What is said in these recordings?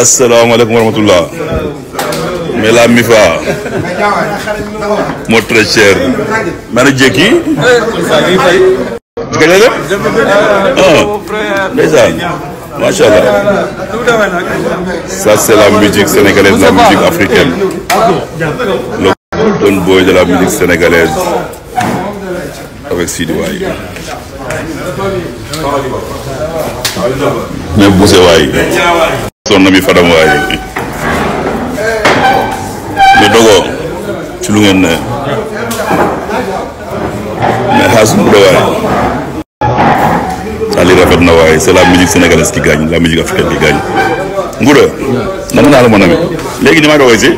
asalaamaaleykum wa rahmatullah mais la mi fa moo très cher mana jékki ka lele ah, ndeysaan macha allah ça c'est la musique sénégalaise la musique africaine le Don Boy de la musique sénégalaise avec Sidy Waya ne buse waay soon na bi fadam waay mais dogo ci lu ngeen ne mais xaas bu waay ali rafet na waay c'est la musique sénégalaise qui gagne la musique africaine qui gagne Ngouda dama naa la mon ami léegi ni may dogoy si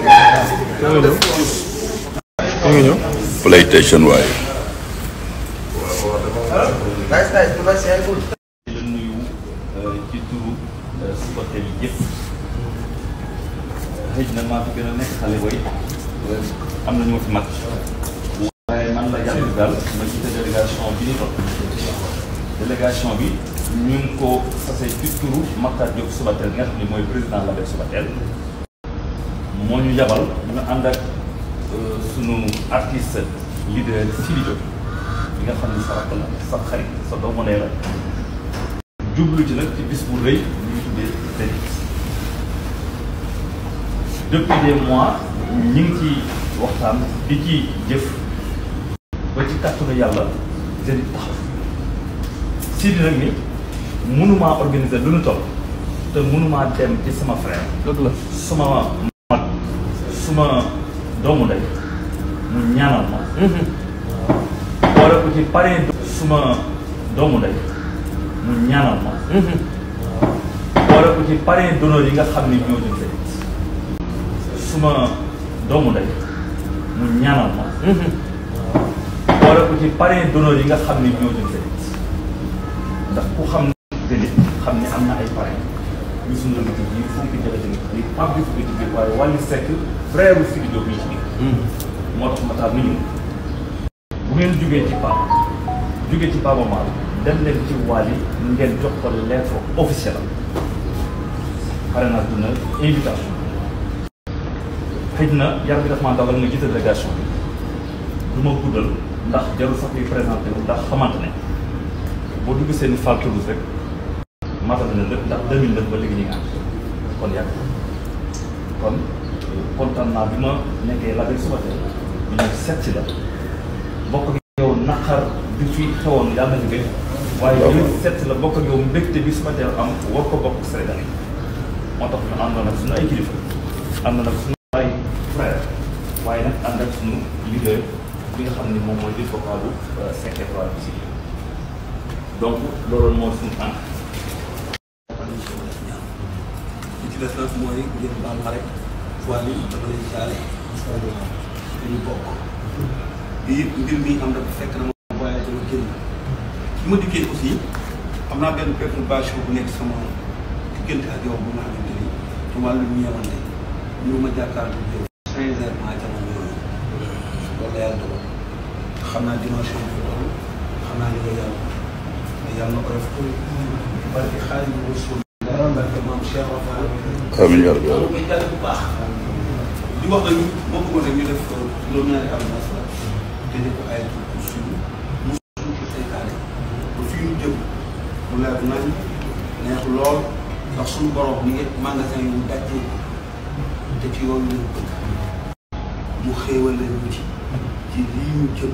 suba teel yëpp xëj na maa fi gën a nekk xale booy am na ñu ma fi waaye man la yàlla daal ma jiite délégation bi ni topp délégation bi ñu ngi ko sase ci turu Makhtar Diop nga xam ne mooy président la def Soubatel moo ñu yabal ñu ànd ak euh, sunu artiste leader Sidi Diop bi xam ne sa rakk sa xarit sa doomu la jublu ci nag ci bis bu rëy ñuy tuddee Tabaski depuis des mois ñu ngi ci waxtaan di ci jëf ba ci kàttanu yàlla Zénith taxaw si di nag ni mënumaa organiser lu nu toll te mënumaa dem ci sama frère dëgg la sama mag suma doomu ndey mu ñaanal ma wala mhm. ko ci paree suma doomu ndey mu ñaanal ma. boole ko ci parrain d'honneur yi nga xam ne ñoo ñu tey. suma doomu ndey mu ñaanal ma. boole ko ci parrain d'honneur yi nga xam ni ñoo ñu tey ndax ku xam ne xam ne am na ay parrain ñu suñu lëkk yi fukki jafe-jafe yi Pape bi ci biir waaye wàllu sekk frère u Sidi ma taal ni ñu bu ngeen jugee ci Pape jugee ci Pape dem leen ci Wally ngeen jox ko l'info officielle parrainage dina invitation xëj na yar bi daf maa dogal nga jiite délégation bi du guddal ndax jarul sax muy présenté ndax xamante boo dugg seen i Fall Toulouse rek na lépp ndax 2009 ba léegi ñu ngi kon yàgg kon kontaan naa bi ma nekkee la bi sote la bokk yow naqar bi fi xewoon yaa ngi waaye ñu seet la bokk ak yow mbégte bi suma teel am war ko bokk Sénégal moo tax ñu àndoon ak suñu ay kilifa àndoon ak suñu ay frère waaye nag ànd ak bi nga xam ne moom mooy di focalu euh, secrétaire bi si donc loolu moo suñu ànd li ci des bokk lii mbir mi am na fekk na bi ma dikkee aussi am naa benn perturbation bu nekk sama diggante ak yow bu nga xamante ni ci wàllu ñeewante ñu ma jàkkaarloo yow xam naa dimension bi loolu xam naa li nga yàlla da yàlla ko def barke xaalis loolu may jàll bu baax di wax nañu am na mu leer nañ neex lool ndax suñu borom bi ngi magasin yu dajje te ci yoon leen bëgg mu xéewal leen ñu ci ci lii ñu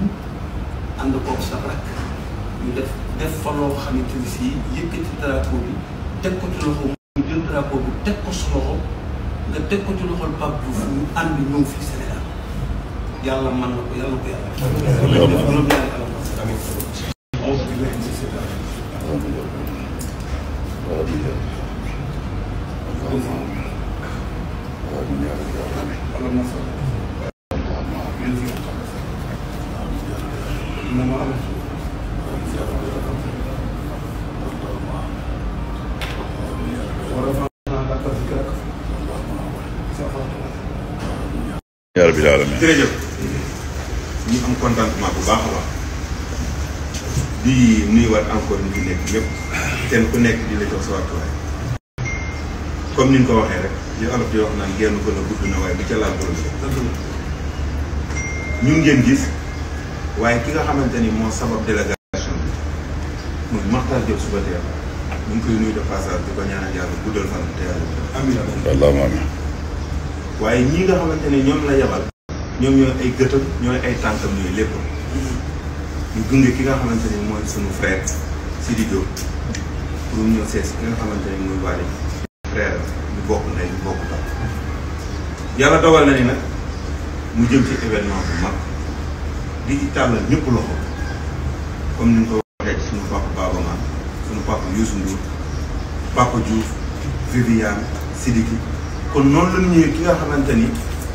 ànd koog sa rakk ñu def def fa loo xamante si yëkkati drapeau bi teg ko bi teg ko su loxo nga teg ko ci loxol Pape Diouf ñu ànd ñëw fii Sénégal yàlla mën na ko yàlla ko yàlla. amiin amiin yaa rabbil aalamiin ñu am contentement bu baax a baax di nuyuwaat encore ñu fi nekk ñëpp kenn ku nekk di la jox sa wàccuwaay comme ni ñu ko waxee rek li olof di wax naan genn gën a gudd na waaye bu ca laal borom ñu ngeen gis waaye ki nga xamante ni moo sabab délégation bi a Makhtar Diop ko ñaanal guddal fan te yàlla amiin allahumma waaye ñii nga xamante ne ñoom la yabal ñoom ñooy ay gëtam ñooy ay tànkam ñooy lépp ñu gunge ki nga xamante ne mooy sunu frère Sidi Diop pour ñëw sees ki nga xamante mooy Waly frère ñu bokk ndey bokk taw yàlla dogal na ni nag mu jëm ci événement bu mag di ci tàllal ñëpp loxo comme ni nga ko waxee ci sunu papa Baba sunu papa Youssou Ndour papa Diouf Viviane Sidiki kon noonu la ñëwee ki nga xamante ni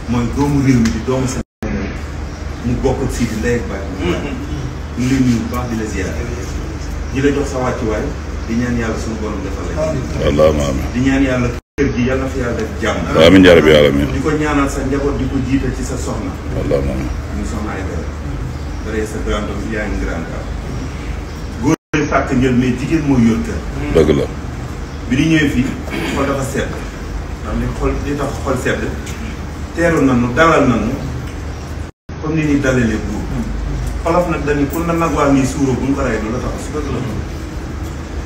mooy doomu réew mi di doomu Sénégal mu bokk si Sidi Ndeye ak Baye. Mm-hmm. ñu baax di la ziar. di la jox sa wàccuwaay di ñaan yàlla suñu borom defal la. allahumma amiin di ko ñaanal sa njaboot di ko jiite ci sa soxna. allahumma amiin ñu soxna ay dara. bare sa grand doom yaa ngi grand cas. góor yi fàkk njël mais jigéen moo yor kër. dëgg la. bi di ñëwee fii dafa dafa seet. maanaam li xol li tax xol nañu dalal nañu comme ni ñuy dalalee buur xolof nag dañu pour na nag waa nii suuro bu ñu ko rey du la tax su dëgg la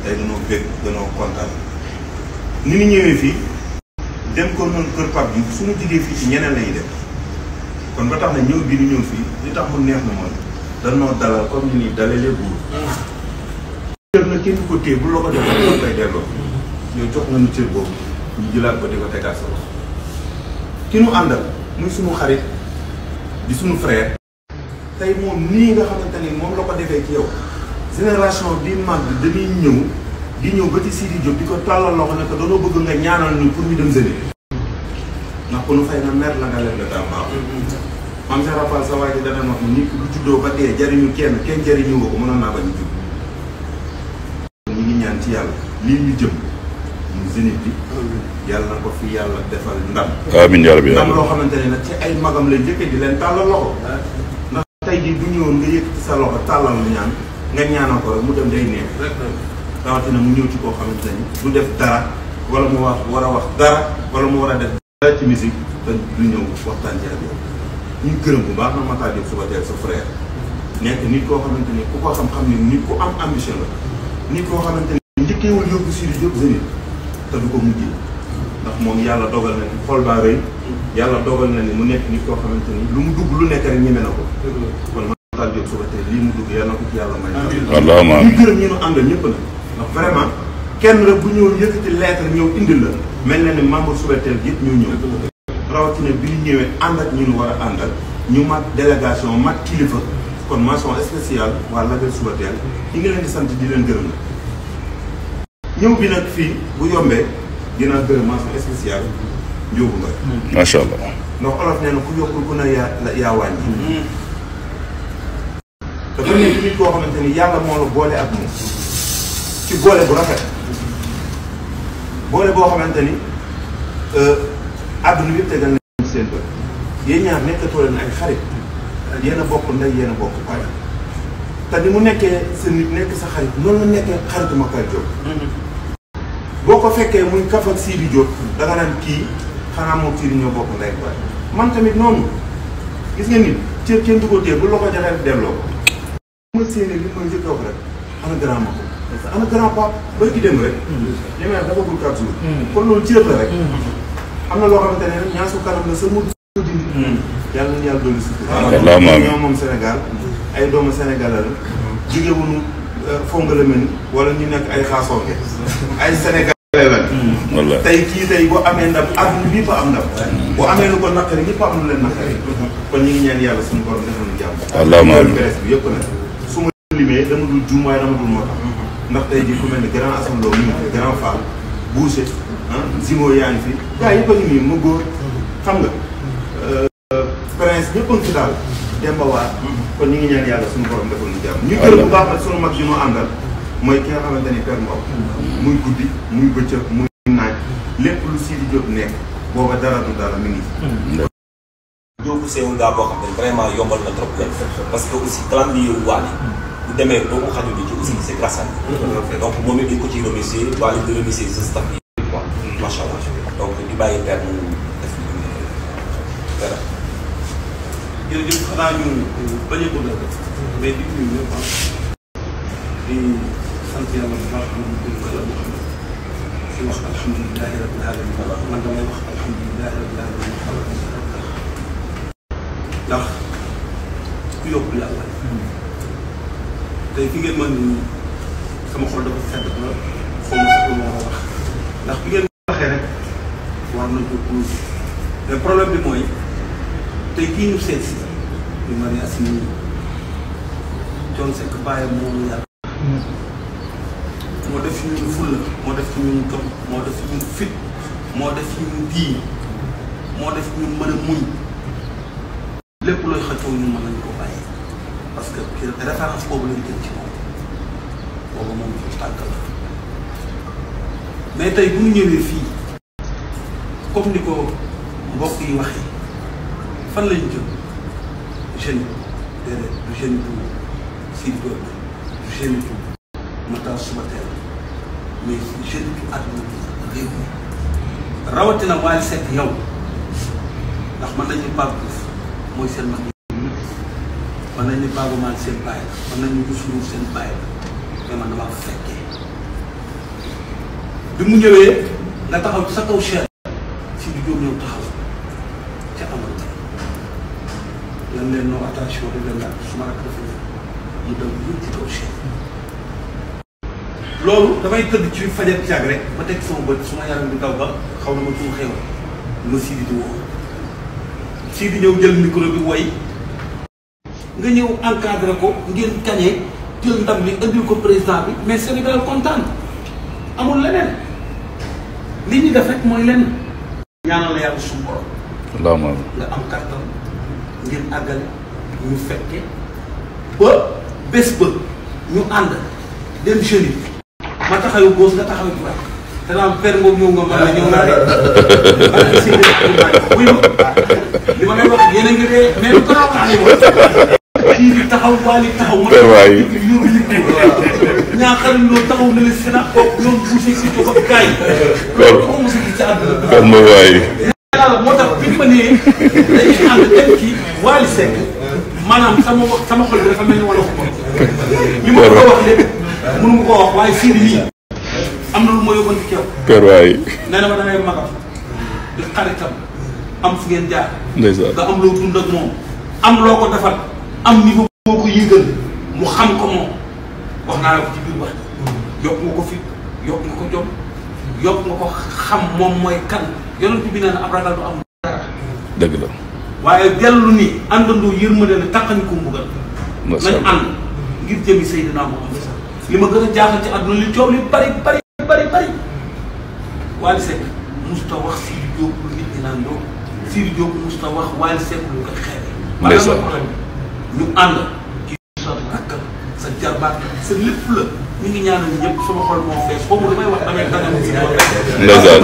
tey danoo bég danoo kontaan ni ñu ñëwee fii dem ko noonu kër pap bi su ñu jigee fii ci ñeneen lañuy def kon ba tax na ñëw bi ñu ñëw fii li tax mu neex na mooy danoo dalal comme ni ñuy dalalee buur jël na kenn bu la ko defee jox nga nu cër boobu ñu jëlaat ko di ko tegaat sa bopp ki nu àndal muy sunu xarit di sunu frère. tey moom nii nga xamante ni moom la ko defee ci yow génération bi mag dañuy ñëw di ñëw ba ci Sidi Diop di ko tàllal loxo ne ko danoo bëgg nga ñaanal ñu pour ñu dem sëni ndax ku nu fay na mer la nga leen la tàmbaaw mam sa rapal sa waa dana wax ni nit ku juddoo ba dee jariñu kenn kenn jariñu woo ko mënoon naa bañ a jub ñu ngi ñaan ci yàlla lii ñu jëm mu bi. yàlla ko fi yàlla defal ndam. amiin yàlla bi ndam loo xamante ne ci ay magam la njëkkee di leen tàllal loxo. ndax tey jii bu ñëwoon nga yëkkati sa loxo tàllal lu ko mu dem day neex. mu ñëw ci koo xamante ne du def dara mu wax war a wax dara wala mu war a def dara ci musique ñëw waxtaan ci ak yow. ñu gërëm bu baax na Matar suba teel sa frère. nekk nit koo xamante ne ku ko xam-xam ne nit ku am ambition la. nit koo xamante ne njëkkeewul yóbbu si di yóbbu Zénith te du ko mujj ndax moom yàlla dogal na ni xol baa rëy yàlla dogal na ni mu nekk nit koo xamante ni lu mu dugg lu nekk rek ñeme na ko kon Makhtar Diop Soubatel lii mu dugg yàlla na ko ci yàlla may ñu gërëm ñi nu àndal ñëpp nag ndax vraiment kenn rek bu ñëw yëkkati lettre ñëw indi la mel na ni membre Soubatel yëpp ñoo ñëw rawatina bi ñu ñëwee ànd ak ñu nu war a àndal ñu mat délégation mat kilifa kon mention spéciale waa label Soubatel ñi ngi leen di sant di leen gërëm na ñëw bi nag fii bu yombee dinaa gërëm mention spéciale Ndiobou Ngoye. macha allah. ndax olof nee ku yokkul ku ne yaa la yaa wàññi. dafa mm-hmm. nekk nit koo xamante yàlla moo la boole ak ci boole bu rafet. boole boo xamante ni euh, àdduna yëpp tegal nañ seen bët yéen ñaar nekkatoo leen ay xarit yéen bokk ndey yéen bokk baay te ni mu nekkee sa nit nekk sa xarit noonu la nekkee xarituma kàddu boo ko fekkee muy kaf ak Sidi Diop da nga naan kii xanaa moom Sidi ñoo bokk ndey baay man tamit noonu gis nga nit cër kenn du ko téye bu la ko joxee delloo ko. bu ma séenee li ma njëkk a wax rek ana ko. ana grand pap bëri ki dem rek. li may wax dafa gudd quatre jours. Hmm. kon loolu cër la rek. Hmm. am na loo xamante ne nag ñaasu kanam la sa mujj. Hmm. yàlla na yàlla dolli si. waaw waaw Euh, fongalameni wala ñu nekk ay xaasooke ay sénégalais la hmm. tey kii tey boo amee ndam adduna bi fa am ndam hmm. boo amee lu ko naqari ñëpp am lu leen naqari kon ñu ngi ñaan yàlla suñu borom defal ñu jàmm presse bi yëpp nag su ma limee dama dul juum waaye dama dul moo tax hmm. ndax tey jii ku mel ne grand assemblée mu ngi grand fall boucher ah, zimo yaa ngi fi gars yëpp a ngi nii mu góor xam nga euh, prince ñëpp a ngi fi daal demba waar kon ñu ngi ñaan yàlla suñu borom defal ñu jàmm ñu gërëm bu baax nag suñu mag yi moo àndal mooy ki nga ni Père muy guddi muy bëccëg muy naaj lépp lu Sidi Diop nekk booba dara du dara mi ngi hmm. Diop seewul boo xam ne vraiment yombal na trop parce que aussi calendrier wu Wally bu demee doomu xaju bi ci aussi c'est grâce moom it dañ ko ciy remercier Wally di remercier sa staff yi quoi hmm. donc di bàyyi Père mu def jërëjëf xanaa ñu bañ a guddal mais di nuyu ñëpp ah. di sant yàlla bu baax di nuyu kàlla boo xam ne di wax alhamdulilahi rabbil alamin man damay wax alhamdulilahi rabbil alamin ndax ku yokk yàlla tey fi ngeen mën ni sama xol dafa sedd la xaw ma sax lu ma war a wax ndax bi ngeen waxee rek war na jóg mais problème bi mooy. tey kii ñu seet si ñu mën a assimilé Thione Seck bàyyam moomu yàlla. moo def ñu fulla moo def ñu jom moo def ñu fit moo def ñu diin moo def ñu mën a muñ lépp ko bàyyi parce que référence boobu lañ jël ci moom moom ci tàgg la mais tey bu ñu ñëwee fii comme ni ko mbokk yi waxee. fan la ñu jëm jeune déedéet du jeune bu Sidy Diop du jeune bu Matar Soubatel mais jeune bu àdduna bi réew mi rawatina Wally Seck yow ndax mën nañu Pape Diouf mooy seen mag mën nañu Baaba Maal seen bàyyi la mën nañu Youssou Ndour seen bàyyi la mais man damaa fekkee bi mu ñëwee nga taxaw ci sa kaw chair Sidy Diop ñëw taxaw ca am lan leen non loolu dafay tëdd ci fajar caag rek ba teg sama bët suma yaram bi daw ba xaw na ma tuur xew ma Sidi di ñëw jël micro bi woy nga ñëw encadré ko ngeen kañee jël ndam li indil ko président bi mais Sénégal kontaan amul leneen li ñu def rek mooy lenn ñaanal yàlla suñu borom. nga am kàttan. ngeen àggale ñu fekke ba bés ba ñu ànd dem jeune ma taxawu góos nga taxawu bu baax te naa am per moom nga mën a ñëw naa rek li ma lay wax yéen a ngi ree mais ni kii di taxaw waa loolu taxaw na la sina kooku ñoom buuse si jox ak gars yi loolu ko mos a gis ci àdduna ma nee dañuy ànd dem ci Wally Seck maanaam sama sama xol bi dafa mel ni wala ko bon. li ma wax lépp mënu ma wax waaye fii lii am na lu ma yóbboon ci kew. kër ma ko wax naa la ko ci biir yokk nga ko fit yokk nga ko jom yokk nga ko xam moom mooy kan yonent bi nee na ab ragal am. dëgg la waaye dellu ni àndandoo yërmande ne taqañ ko mbugal nañ ànd ngir jëmi Seydina Muhammad li ma gën a jaaxal ci àdduna li coow li bari bari bari bari Waly Seck musta wax Sidy Diop lu nit lu ànd ki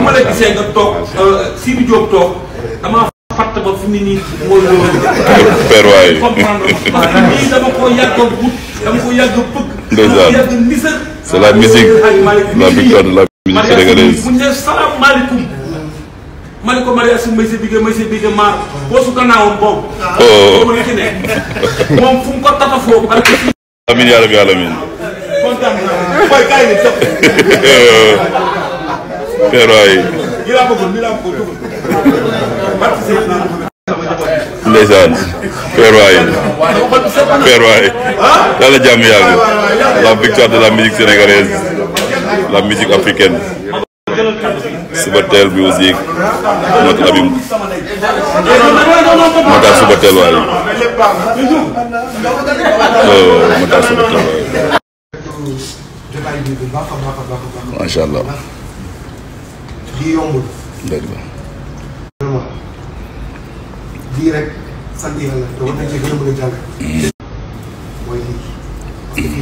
ma si ma toog euh, Sidy Diop toog damaa fatt ba fi nii mooy loolu. dama ko yàgg a dama ko yàgg a bëgg. ndeysaan c'est la musique la victoire de la musique sénégalaise. bu ne ko Maria Sow may sa bigé may sa bigé maar boo su gannaawam boobu. Oh. boobu moom fu mu ko tatafoo. amiin yaa rabbi alamin. kontaan naa ndeysaan père waaye père waaye yàlla jàmm la victoire de la musique sénégalaise la musique africaine suba teel musique moo tax abim moo tax suba teel oh, allah lii rek sant yàlla te war nañ cee gën a mën mooy lii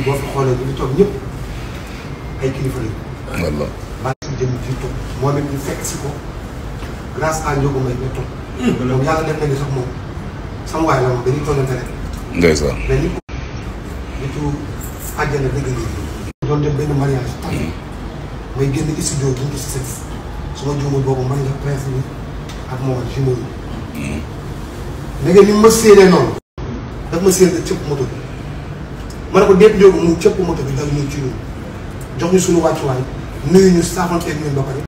parce que xoolee ñu ngi toog ñëpp ay kilifa lañu. wallaah maa ngi si jëm fii toog moom it ñu yàlla def na sax moom sama waay la moom dañuy tollante rek. ndeysaan mais nit ku àjjana dëgg la doon dem benn mariage tax hmm. may su ma juumul ak moom ak jumeau yi hmm. da ni ma séenee noonu daf ma séen te cëpp moto bi ma ne ko déet njóogu mu cëpp moto bi dal ñun ci jox ñu suñu wàccuwaay nuyu ñu saafanteeg ñun ba pare